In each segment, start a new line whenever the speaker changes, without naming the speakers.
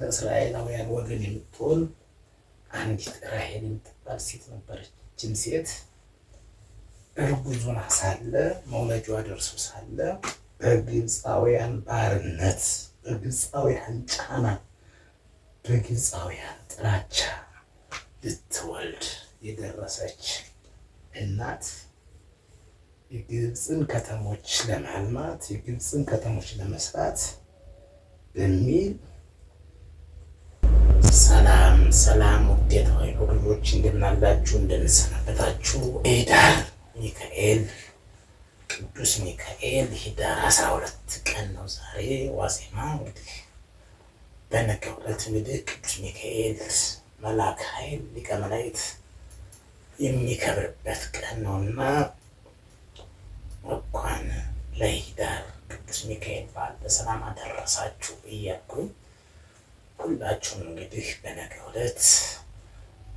በእስራኤላውያን ወገን የምትሆን አንዲት ራሄል የምትባል ሴት ነበረች። ይህችን ሴት እርጉዙን ሳለ መውለጃዋ ደርሶ ሳለ በግብፃውያን ባርነት፣ በግብፃውያን ጫና፣ በግብፃውያን ጥላቻ ልትወልድ የደረሰች እናት የግብፅን ከተሞች ለማልማት የግብፅን ከተሞች ለመስራት በሚል ሰላም ሰላም ውዴታ ሆይ ሁሎች እንደምናላችሁ እንደምንሰናበታችሁ ኅዳር ሚካኤል ቅዱስ ሚካኤል ኅዳር አስራ ሁለት ቀን ነው ዛሬ ዋዜማ። እንግዲህ በነገ ሁለት እንግዲህ ቅዱስ ሚካኤል መልአክ ኃይል ሊቀ መላእክት የሚከብርበት ቀን ነውና እንኳን ለኅዳር ቅዱስ ሚካኤል በዓል በሰላም አደረሳችሁ እያልኩኝ ሁላችሁም እንግዲህ በነገ ዕለት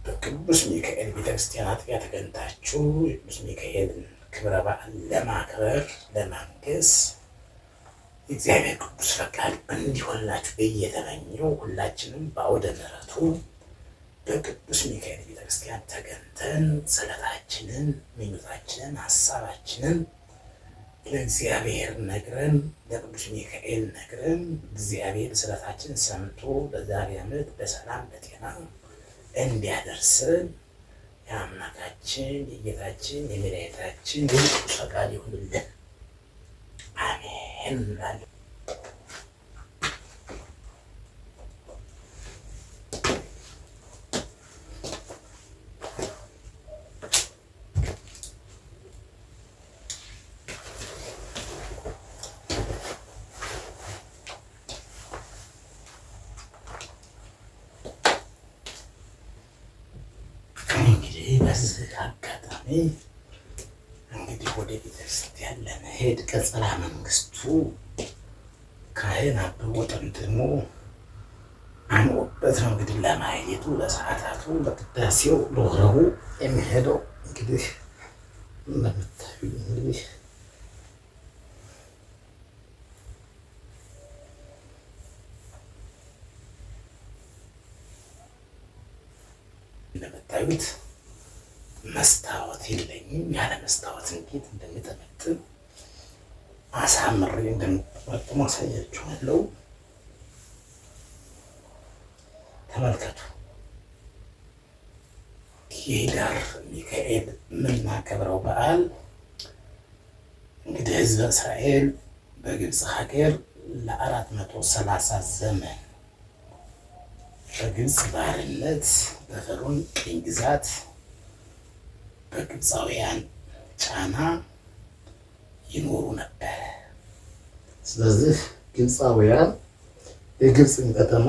በቅዱስ ሚካኤል ቤተክርስቲያን አጥቢያ ተገንታችሁ የቅዱስ ሚካኤልን ክብረ በዓል ለማክበር ለማንገስ እግዚአብሔር ቅዱስ ፈቃድ እንዲሆንላችሁ እየተመኘው ሁላችንም በአውደ ምሕረቱ በቅዱስ ሚካኤል ቤተክርስቲያን ተገንተን ስለታችንን፣ ምኞታችንን፣ ሀሳባችንን ለእግዚአብሔር ነግረን ለቅዱስ ሚካኤል ነግረን እግዚአብሔር ስለታችን ሰምቶ በዛሬ ዓመት በሰላም በጤና እንዲያደርስን የአምላካችን የጌታችን የመድኃኒታችን ፈቃድ ይሁንልን። አሜን እንላለን። በዚህ አጋጣሚ እንግዲህ ወደ ቤተክርስቲያን ለመሄድ ቀጸላ መንግስቱ ካህን አብቦ ጠምጥሞ አምሮበት ነው እንግዲህ ለማየቱ ለሰዓታቱ ለቅዳሴው ለወረቡ የሚሄደው እንግዲህ እንደምታዩ እንግዲህ እንደምታዩት መስታወት የለኝም። ያለ መስታወት እንዴት እንደሚጠመጥም አሳምሬ እንደምጠመጥም አሳያችኋለሁ። ተመልከቱ። የህዳር ሚካኤል የምናከብረው በዓል እንግዲህ ህዝበ እስራኤል በግብፅ ሀገር ለአራት መቶ ሰላሳ ዘመን በግብፅ ባርነት በፈርዖን ቅኝ ግዛት በግብፃውያን ጫና ይኖሩ ነበር። ስለዚህ ግብፃውያን የግብፅን ከተማ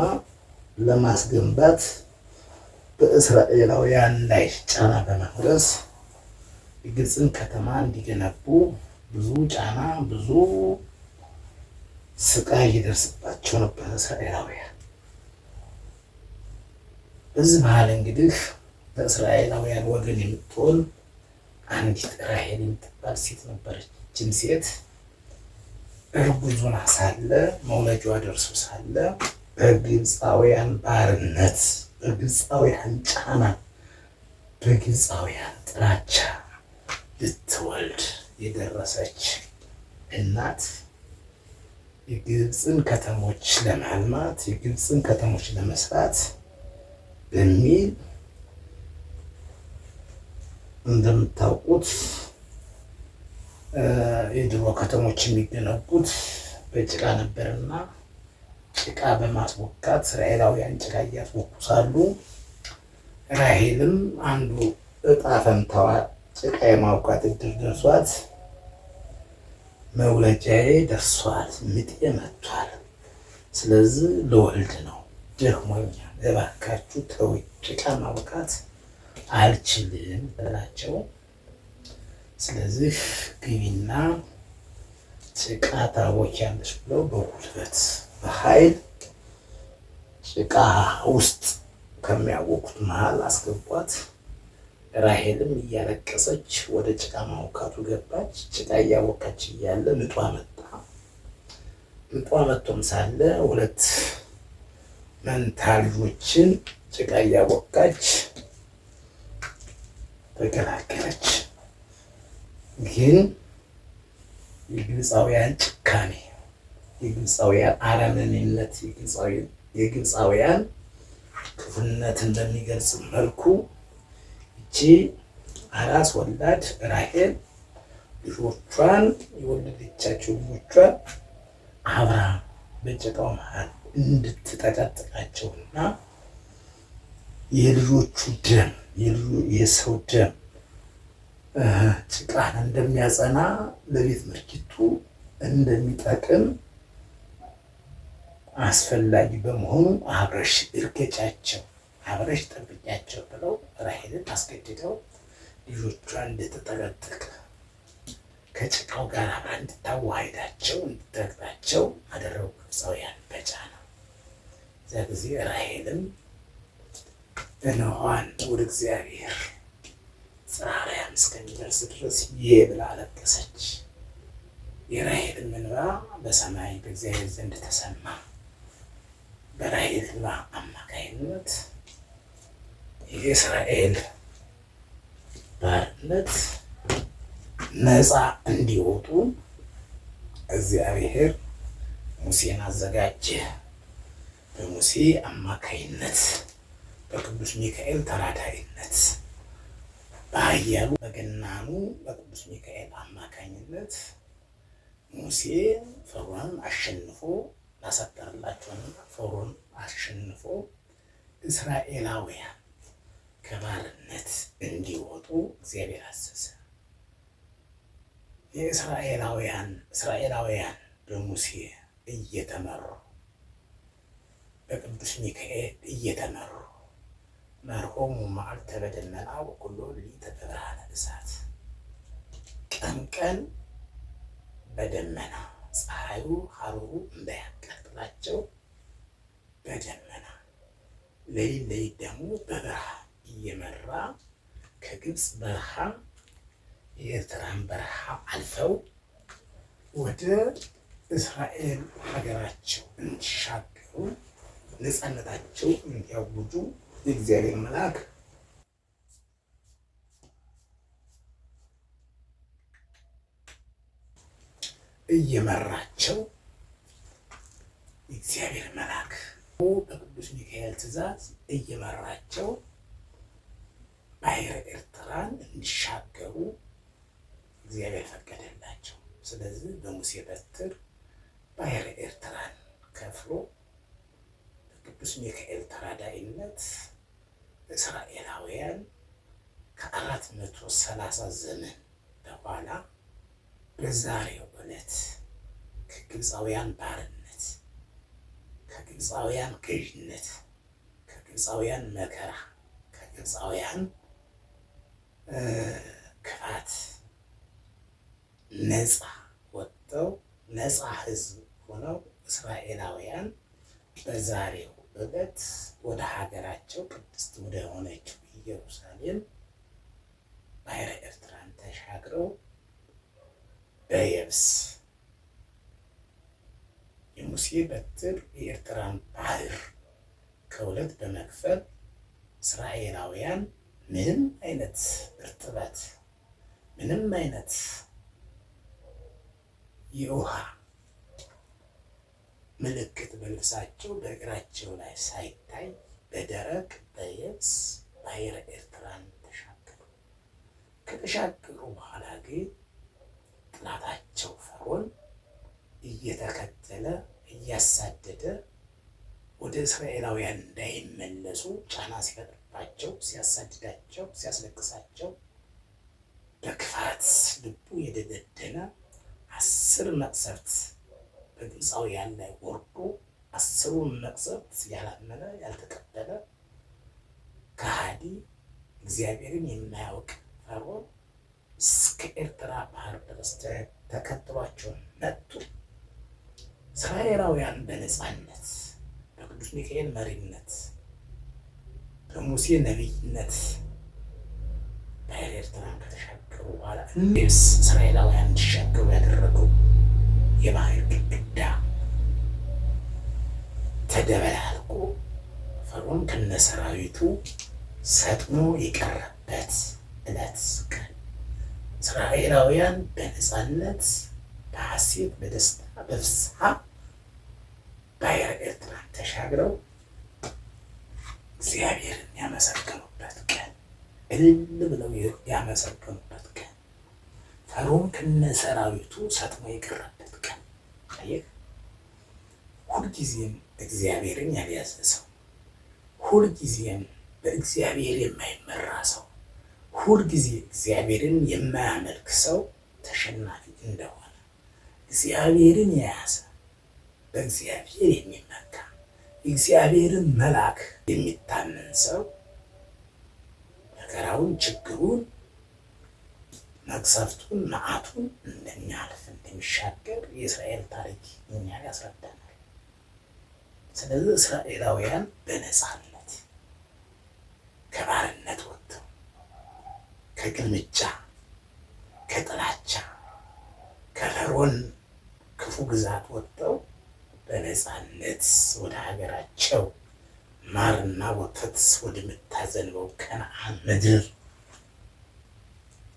ለማስገንባት በእስራኤላውያን ላይ ጫና በመፍረስ የግብፅን ከተማ እንዲገነቡ ብዙ ጫና፣ ብዙ ስቃይ ይደርስባቸው ነበር እስራኤላውያን። በዚህ መሀል እንግዲህ በእስራኤላውያን ወገን የምትሆን አንዲት ራሄል የምትባል ሴት ነበረች። ይህችን ሴት እርጉዙና ሳለ መውለጃዋ ደርሶ ሳለ በግብፃውያን ባርነት፣ በግብፃውያን ጫና፣ በግብፃውያን ጥላቻ ልትወልድ የደረሰች እናት የግብፅን ከተሞች ለማልማት የግብፅን ከተሞች ለመስራት በሚል እንደምታውቁት የድሮ ከተሞች የሚገነቡት በጭቃ ነበርና ጭቃ በማስቦካት እስራኤላውያን ጭቃ እያስቦኩ ሳሉ ራሄልም አንዱ እጣ ፈንታዋ ጭቃ የማውቃት እድል ደርሷት መውለጃዬ ደርሷል፣ ምጤ መጥቷል፣ ስለዚህ ለወልድ ነው፣ ደክሞኛል፣ እባካችሁ ተወኝ ጭቃ ማውቃት አልችልም ብላቸው። ስለዚህ ግቢና ጭቃ ታቦኪያለሽ ብሎ በጉልበት በኃይል ጭቃ ውስጥ ከሚያወቁት መሀል አስገቧት። ራሄልም እያለቀሰች ወደ ጭቃ ማውካቱ ገባች። ጭቃ እያወካች እያለ ምጧ መጣ። ምጧ መጥቶም ሳለ ሁለት መንታ ልጆችን ጭቃ እያወካች ተገላገለች። ግን የግብፃውያን ጭካኔ፣ የግብፃውያን አረመኔነት፣ የግብፃውያን ክፉነትን በሚገልጽ መልኩ እቺ አራስ ወላድ ራሄል ልጆቿን የወለደቻቸው ልጆቿን አብራ በጭቃው መሃል እንድትጠቀጥቃቸውና የልጆቹ ደም የሰው ደም ጭቃን እንደሚያጸና ለቤት ምርኪቱ እንደሚጠቅም አስፈላጊ በመሆኑ አብረሽ እርገጫቸው፣ አብረሽ ጠብቂያቸው ብለው ራሔልን አስገድደው ልጆቿን እንደተጠቀጠቀ ከጭቃው ጋር አብራ እንድታዋሂዳቸው እንድትረግጣቸው አደረጉ። ግብፃውያን በጫና ነው። እዚያ ጊዜ ራሔልም እነኋን አንተ ወደ እግዚአብሔር ጸራሪያን እስከሚደርስ ድረስ ይሄ ብላ አለቀሰች። የራሔልን እንባ በሰማይ በእግዚአብሔር ዘንድ ተሰማ። በራሔል እንባ አማካይነት የእስራኤል ባርነት ነፃ እንዲወጡ እግዚአብሔር ሙሴን አዘጋጀ። በሙሴ አማካይነት በቅዱስ ሚካኤል ተራዳኢነት በኃያሉ በገናኑ በቅዱስ ሚካኤል አማካኝነት ሙሴ ፈሮን አሸንፎ ላሳጠርላቸውና ፈሮን አሸንፎ እስራኤላውያን ከባርነት እንዲወጡ እግዚአብሔር አዘዘ። የእስራኤላውያን እስራኤላውያን በሙሴ እየተመሩ በቅዱስ ሚካኤል እየተመሩ መርሆሙ መዓልተ በደመና ወኩሎ ሌሊተ በብርሃነ እሳት። ቀን ቀን በደመና ፀሐዩ ሐሩሩ እንዳያቃጥላቸው በደመና ሌሊት ሌሊት ደግሞ በብርሃን እየመራ ከግብፅ በረሃ የኤርትራን በረሃ አልፈው ወደ እስራኤል ሀገራቸው እንዲሻገሩ ነፃነታቸው እንዲያውጁ የእግዚአብሔር መልአክ እየመራቸው የእግዚአብሔር መልአክ በቅዱስ ሚካኤል ትእዛዝ እየመራቸው ባህረ ኤርትራን እንዲሻገሩ እግዚአብሔር ፈቀደላቸው። ስለዚህ በሙሴ በትር ባህረ ኤርትራን ከፍሎ በቅዱስ ሚካኤል ተራዳይነት እስራኤላውያን ከአራት መቶ ሰላሳ ዘመን በኋላ በዛሬው ዕለት ከግብፃውያን ባርነት፣ ከግብፃውያን ገዥነት፣ ከግብፃውያን መከራ፣ ከግብፃውያን ክፋት ነፃ ወጥተው ነፃ ሕዝብ ሆነው እስራኤላውያን በዛሬው በዕለት ወደ ሀገራቸው ቅድስት ወደ ሆነችው ኢየሩሳሌም ባህረ ኤርትራን ተሻግረው በየብስ የሙሴ በትር የኤርትራን ባህር ከሁለት በመክፈል እስራኤላውያን ምንም አይነት እርጥበት ምንም አይነት የውሃ ምልክት በልብሳቸው በእግራቸው ላይ ሳይታይ በደረቅ በየብስ ባሕረ ኤርትራን ተሻገሩ። ከተሻገሩ በኋላ ግን ጥላታቸው ፈርዖን እየተከተለ እያሳደደ ወደ እስራኤላውያን እንዳይመለሱ ጫና ሲፈጥርባቸው፣ ሲያሳድዳቸው፣ ሲያስለቅሳቸው በክፋት ልቡ የደነደነ አስር መቅሰፍት በግብፃውያን ላይ ወርዶ አስሩን መቅሰፍት ያላመነ ያልተቀበለ ከሃዲ እግዚአብሔርን የማያውቅ ፈርዖን እስከ ኤርትራ ባህር ድረስ ተከትሏቸው መጡ። እስራኤላውያን በነፃነት በቅዱስ ሚካኤል መሪነት በሙሴ ነቢይነት ባህር ኤርትራን ከተሻገሩ በኋላ እንዴስ እስራኤላውያን እንዲሻገሩ ያደረገው የባህር ግግ ተደበላልቆ ፈርዖን ከነሰራዊቱ ሰጥሞ የቀረበት ዕለት ቀን እስራኤላውያን በነፃነት በሐሴት በደስታ በፍስሐ ባሕረ ኤርትራን ተሻግረው እግዚአብሔርን ያመሰገኑበት ቀን እልል ብለው ያመሰገኑበት ቀን ፈርዖን ከነሰራዊቱ ሰጥሞ የቀረበት ቀን አየህ። ሁልጊዜም እግዚአብሔርን ያልያዘ ሰው፣ ሁልጊዜም በእግዚአብሔር የማይመራ ሰው፣ ሁልጊዜ እግዚአብሔርን የማያመልክ ሰው ተሸናፊ እንደሆነ እግዚአብሔርን የያዘ በእግዚአብሔር የሚመካ እግዚአብሔርን መልአክ የሚታመን ሰው መከራውን፣ ችግሩን፣ መቅሰፍቱን፣ መዓቱን እንደሚያልፍ እንደሚሻገር የእስራኤል ታሪክ እኛ ያስረዳናል። ስለዚህ እስራኤላውያን በነፃነት ከባርነት ወጥተው ከግልምጫ፣ ከጥላቻ፣ ከፈርዖን ክፉ ግዛት ወጥተው በነፃነት ወደ ሀገራቸው ማርና ወተት ወደምታዘንበው ከነዓን ምድር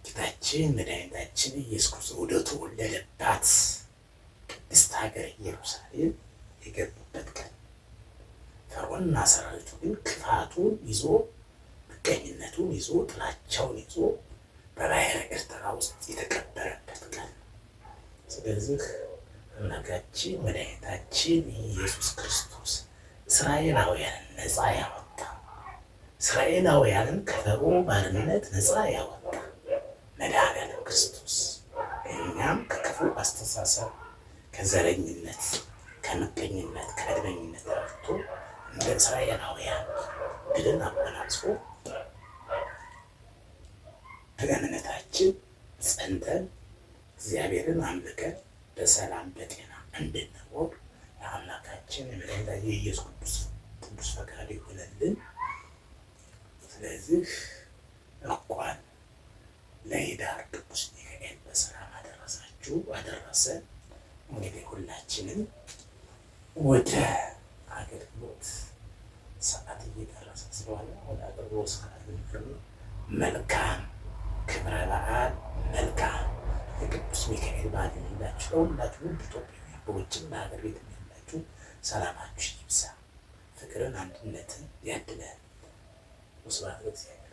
ጌታችን መድኃኒታችን ኢየሱስ ክርስቶስ ወደ ተወለደባት ቅድስት ሀገር ኢየሩሳሌም የገቡበት ቀን ፈርዖንና ሰራዊቱ ግን ክፋቱን ይዞ ምቀኝነቱን ይዞ ጥላቻውን ይዞ በባሕረ ኤርትራ ውስጥ የተቀበረበት ቀን። ስለዚህ አምላካችን መድኃኒታችን ኢየሱስ ክርስቶስ እስራኤላውያንን ነፃ ያወጣ እስራኤላውያንን ከፈርዖን ባርነት ነፃ ያወጣ መድኃኒዓለም ክርስቶስ እኛም ከክፉ አስተሳሰብ ከዘረኝነት፣ ከምቀኝነት፣ ከእድመኝነት። ረድቶ እንደ እስራኤላውያን ድልን አመላልሶ በእምነታችን ጸንተን እግዚአብሔርን አምልከን በሰላም በጤና እንድንኖር የአምላካችን የመድኃኒታችን የኢየሱስ ቅዱስ ቅዱስ ፈቃድ ይሆነልን። ስለዚህ እንኳን ለኅዳር ቅዱስ ሚካኤል በሰላም አደረሳችሁ አደረሰን። እንግዲህ ሁላችንም ወደ አገልግሎት ሰዓት እየደረሰ ስለሆነ ወደ አገልግሎት ሰዓት ልንገር። መልካም ክብረ በዓል መልካም የቅዱስ ሚካኤል በዓል የሌላችሁ ለሁላችሁ ውድ ኢትዮጵያውያን በውጭም በሀገር ቤት ያላችሁ ሰላማችሁ ይብዛ፣ ፍቅርን አንድነትን ያድለን። ስብሐት ለእግዚአብሔር።